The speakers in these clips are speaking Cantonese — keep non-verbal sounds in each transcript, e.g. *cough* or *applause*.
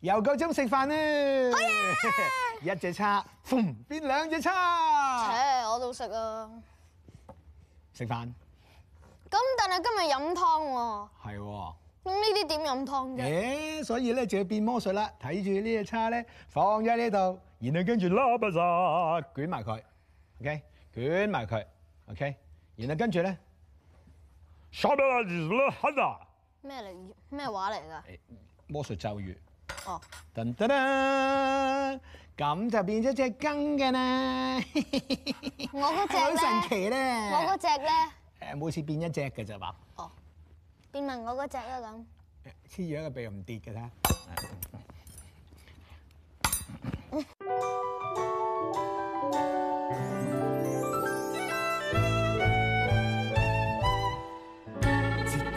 又夠鐘食飯咧！好、oh, yeah! *laughs* 一隻叉， *noise* 變兩隻叉。切，我都食啊！食飯。咁但係今日飲湯喎。係、哦。咁呢啲點飲湯嘅？誒、哎，所以咧就要變魔術啦！睇住呢隻叉咧，放喺呢度，然後跟住啦不殺，捲埋佢，OK，捲埋佢，OK，然後跟住咧。咩嚟？咩話嚟㗎？魔術咒語。噔噔啦，咁就變咗隻羹嘅啦。我嗰隻咧，好神奇咧。我嗰隻咧，誒，每次變一隻嘅就話。哦，變埋我嗰隻啦咁。黐住一個鼻又唔跌嘅睇。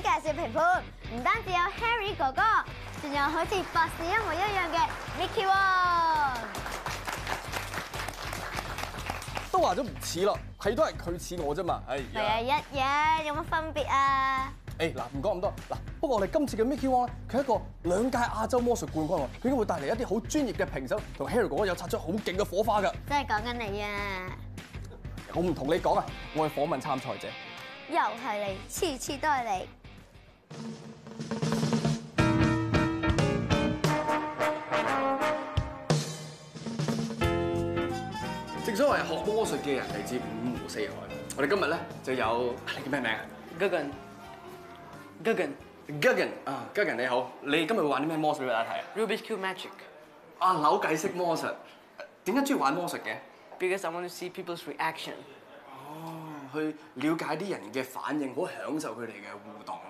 介紹評判唔單止有 Harry 哥哥，仲有好似搏試一模一樣嘅 Micky Wong，都話咗唔似啦，係都係佢似我啫嘛，係咪啊？一樣，有乜分別啊？誒嗱，唔講咁多嗱，不過我哋今次嘅 Micky Wong 咧，佢係一個兩屆亞洲魔術冠軍，佢應該會帶嚟一啲好專業嘅評審，同 Harry 哥哥有擦出好勁嘅火花噶。真係講緊你啊！我唔同你講啊，我係訪問參賽者。又係你，次次都係你。正所謂學魔術嘅人嚟自五湖四海，我哋今日咧就有你叫咩名？Gagan，Gagan，Gagan 啊，Gagan 你好，你今日會玩啲咩魔術俾大家睇啊 Rubik's Cube Magic，啊扭計骰魔術，點解中意玩魔術嘅？Because I want to see people's reaction。哦，去了解啲人嘅反應，好享受佢哋嘅互動。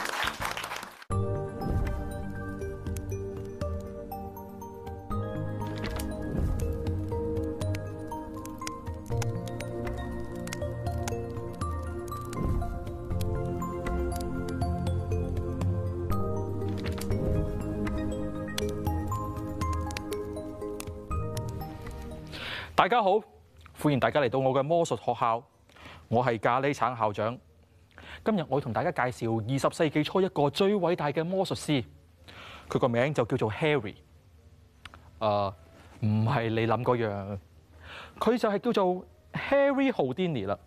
大家好，歡迎大家嚟到我嘅魔術學校，我係咖喱橙校長。今日我要同大家介紹二十世紀初一個最偉大嘅魔術師，佢個名就叫做 Harry。誒、呃，唔係你諗嗰樣，佢就係叫做 Harry Houdini 啦。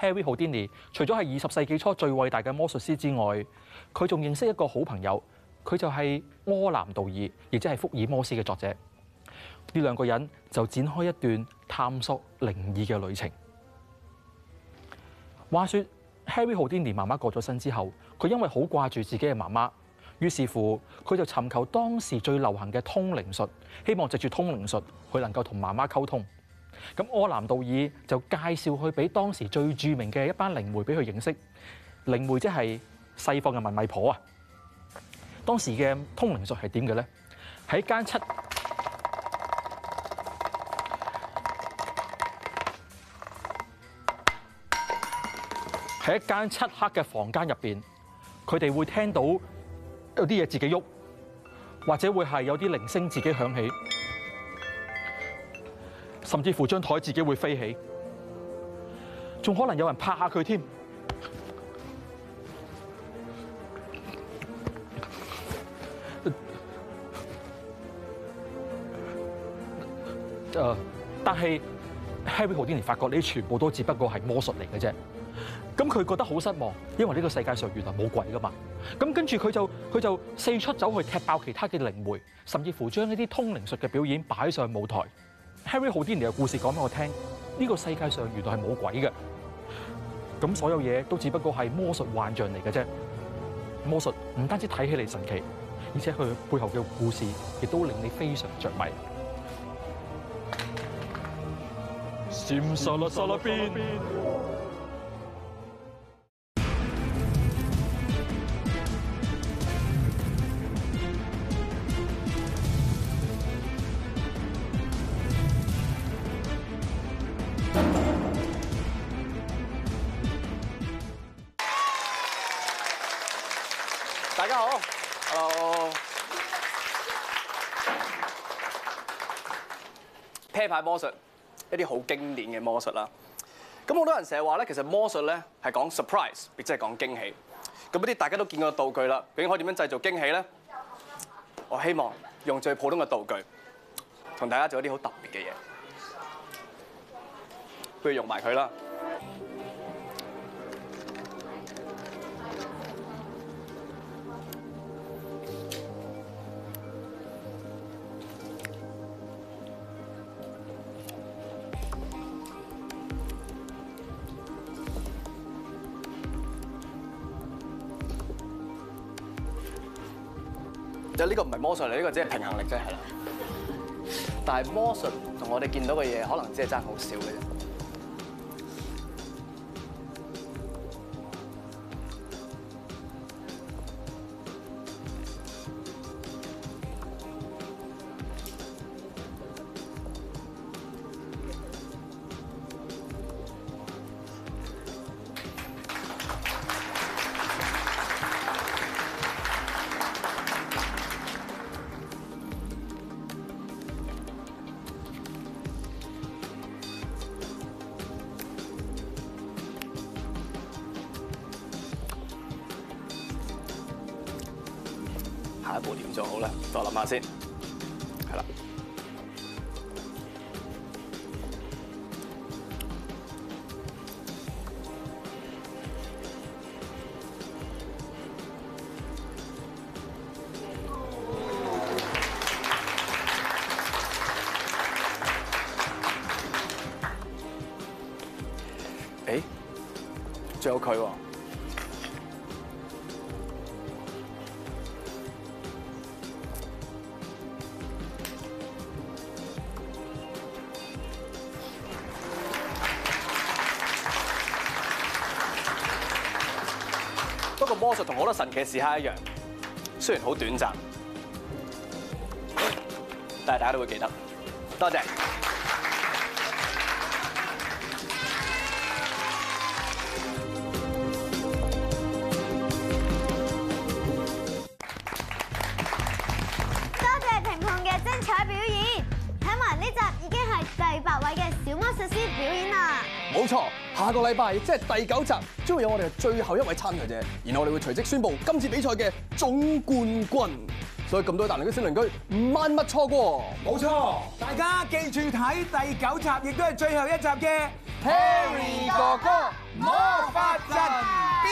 Harry Houdini 除咗係二十世紀初最偉大嘅魔術師之外，佢仲認識一個好朋友，佢就係柯南道爾，亦即係福爾摩斯嘅作者。呢兩個人就展開一段探索靈異嘅旅程。話說 Harry Houdini 媽媽過咗身之後，佢因為好掛住自己嘅媽媽，於是乎佢就尋求當時最流行嘅通靈術，希望藉住通靈術佢能夠同媽媽溝通。咁柯南道爾就介紹佢俾當時最著名嘅一班靈媒俾佢認識。靈媒即係西方嘅問米婆啊。當時嘅通靈術係點嘅咧？喺間七喺一間漆黑嘅房間入邊，佢哋會聽到有啲嘢自己喐，或者會係有啲鈴聲自己響起，甚至乎張台自己會飛起，仲可能有人拍下佢添。誒、 *laughs* *laughs* 呃，但係 *laughs* Harry Houdini 發覺呢啲全部都只不過係魔術嚟嘅啫。佢覺得好失望，因為呢個世界上原來冇鬼噶嘛。咁跟住佢就佢就四出走去踢爆其他嘅靈媒，甚至乎將呢啲通靈術嘅表演擺上舞台。Harry Houdini 嘅故事講俾我聽，呢個世界上原來係冇鬼嘅，咁所有嘢都只不過係魔術幻象嚟嘅啫。魔術唔單止睇起嚟神奇，而且佢背後嘅故事亦都令你非常着迷。大家好，hello，啤牌魔術一啲好經典嘅魔術啦。咁好多人成日話咧，其實魔術咧係講 surprise，亦即係講驚喜。咁一啲大家都見過嘅道具啦，究竟可以點樣製造驚喜咧？我希望用最普通嘅道具，同大家做一啲好特別嘅嘢。不如用埋佢啦。就、這、呢個唔係魔術嚟，呢、這個只係平衡力啫，係啦。但係魔術同我哋見到嘅嘢，可能只係爭好少嘅啫。下一步點做好咧？再諗下先。係啦。誒，仲有佢喎。同好多神奇時刻一樣，雖然好短暫，但大家都會記得。多謝！多謝評判嘅精彩表演。睇埋呢集已經係第八位嘅小魔術師表演啦。冇錯。下個禮拜即係第九集，將會有我哋最後一位參賽者，然後我哋會隨即宣布今次比賽嘅總冠軍。所以咁多大鄰居、小鄰居，唔萬乜錯過。冇錯，大家記住睇第九集，亦都係最後一集嘅 Harry 哥哥魔法陣。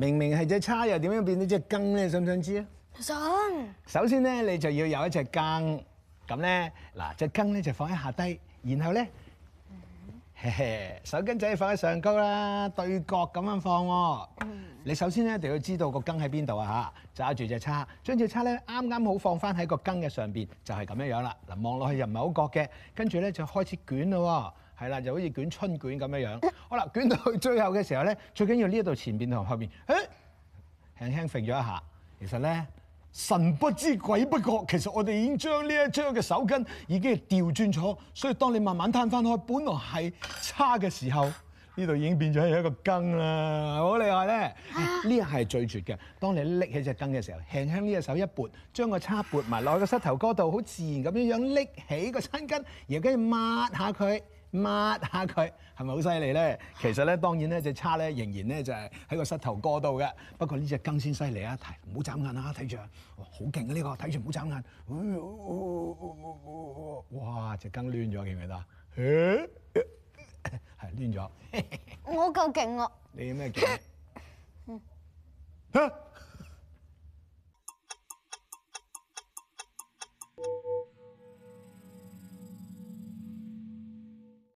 明明係隻叉，又點樣變到隻羹咧？想唔想知啊？想。首先咧，你就要有一隻羹，咁咧嗱，隻羹咧就放喺下低，然後咧、嗯嘿嘿，手巾仔放喺上高啦，對角咁樣放喎、啊嗯。你首先咧，一定要知道個羹喺邊度啊嚇！揸住隻叉，將隻叉咧啱啱好放翻喺個羹嘅上邊，就係、是、咁樣樣啦。嗱，望落去又唔係好覺嘅，跟住咧就開始捲咯喎、啊。係啦，就好似捲春卷咁樣樣。嗯、好啦，捲到去最後嘅時候咧，最緊要呢一度前邊同後邊輕輕揈咗一下。其實咧神不知鬼不覺，其實我哋已經將呢一張嘅手巾已經調轉咗。所以當你慢慢攤翻開，本來係叉嘅時候，呢度已經變咗係一個羹啦。好厲害咧！呢、啊、係最絕嘅。當你拎起隻羹嘅時候，輕輕呢隻手一撥，將叉撥呢個叉撥埋落個膝頭哥度，好自然咁樣樣拎起個身巾，然後跟住抹下佢。抹下佢係咪好犀利咧？其實咧當然咧隻叉咧仍然咧就係喺個膝頭哥度嘅。不過呢隻羹先犀利啊！睇，唔好眨眼啊！睇住啊，哦、好勁啊呢個，睇住唔好眨眼。哇！隻羹攣咗，記唔記得？係攣咗。我夠勁啊！你有咩勁？ *laughs*